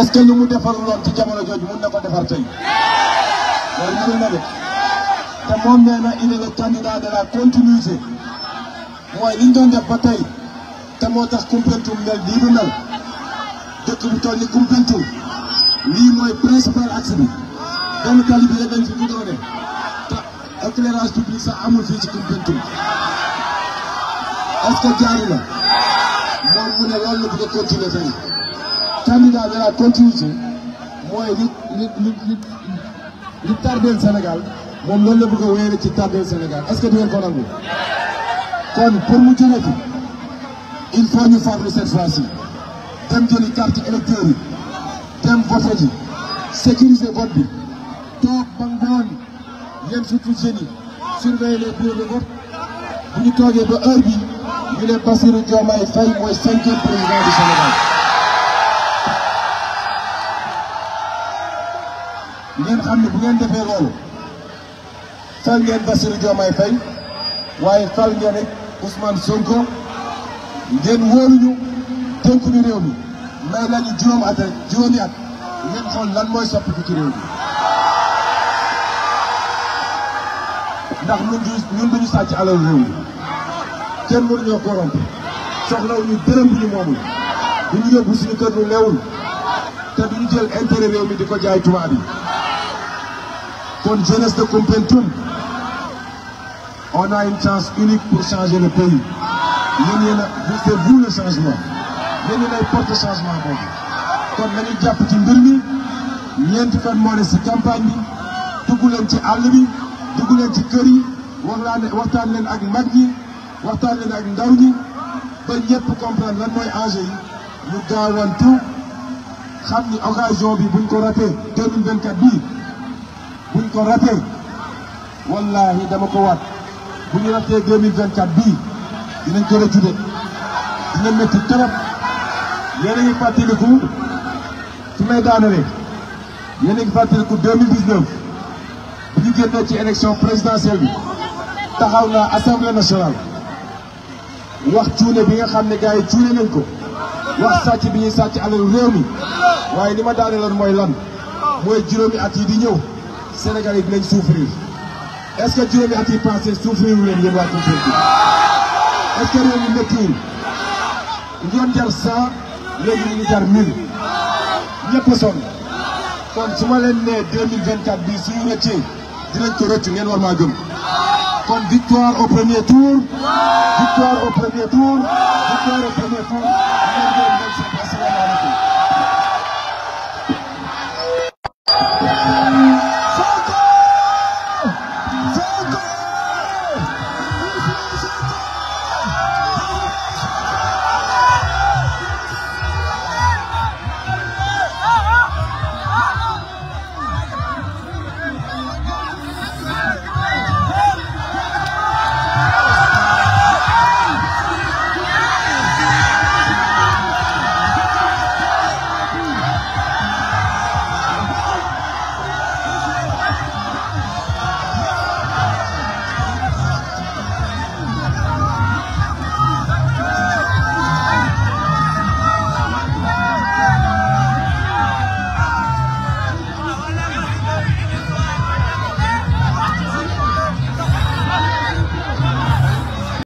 est-ce mu defaruloon ci jamono jooju mun na ko defar tey loolu mënul na de te moom nee na il est le candidat de la continuité mooy li ñu doon ba tey te moo tax Koumpentoum mel lii bu mel dëkk bu toll ni lii mooy principal axe bi benn tali bi rek lañ fi mu doone te éclairage sax amul fii ci Koumpentoum est jaari la moom mu ne loolu la bëgg a continuer tey candidat de la contusion moi, li li li li Sénégal moom loolu la bëgg a wéyale ci tardeel Sénégal est-ce que di ngeen ko nangu kon pour mu jóge fi il faut ñu faire cette fois-ci dem jëli carte électeur yi dem vote ji sécuriser vote bi toog ba ngoon yéen surtout jeunes yi surveiller les bureaux de vote bu ñu toogee ba heure bi ñu ne Bassirou Diomaye Faye mooy cinquième président du Sénégal ngeen xam ne bu ngeen defee loolu fal ngeen Bassirou Diomaye Faye waaye fal ngeen it Ousmane Sonko ngeen wóoruñu tënk ñu réew mi may lañu juróom at rek juróomi at lan mooy soppiku ci réew mi ndax ñun du ñun duñu sàcc alal réew mi kenn mënuñoo corrompre soxlawuñu dërëm bu ñu moomul du yóbbu suñu kër lu leewul te duñu jël intérêt réew mi di ko jaay tubaab yi jeunesse on a une chance unique pour changer le pays. C'est vous le changement. Vous les porte le changement. Comme nous avons dit, nous avons fait cette campagne, nous avons fait ci kër yi ak ak ba comprendre lan mooy enjeu yi occasion bi buñ ko raté 2024 ko raté wallahi dama ko waat bu ñu ratee 2024 bii dinañ ko rëccu de dina métti trop yéen a ngi fàttaliku su may daanalee yéen a ngi fàttaliku 2019 bu ñu génnee ci élection présidentielle bi taxaw naa assemblée nationale wax cuune bi nga xam ne gars yi cuune nañ ko wax sàcc bi ñuy sàcc alal réew mi waaye li ma daaneeloon mooy lan mooy juróomi at yi di ñëw. Sénégal yi dinañ souffrir est-ce que juróomi at yi passé souffrir leen yéen waa Koungheul bi est-ce que réew mi méttiwul ñu doon jar cent léegi ñu ngi jar mille ñëpp a sonn kon su ma leen nee deux mille vingt quatre bii suñu rëccee dinañ ko rëcc ngeen war maa gëm. kon victoire au premier tour. victoire au premier tour. victoire au premier tour.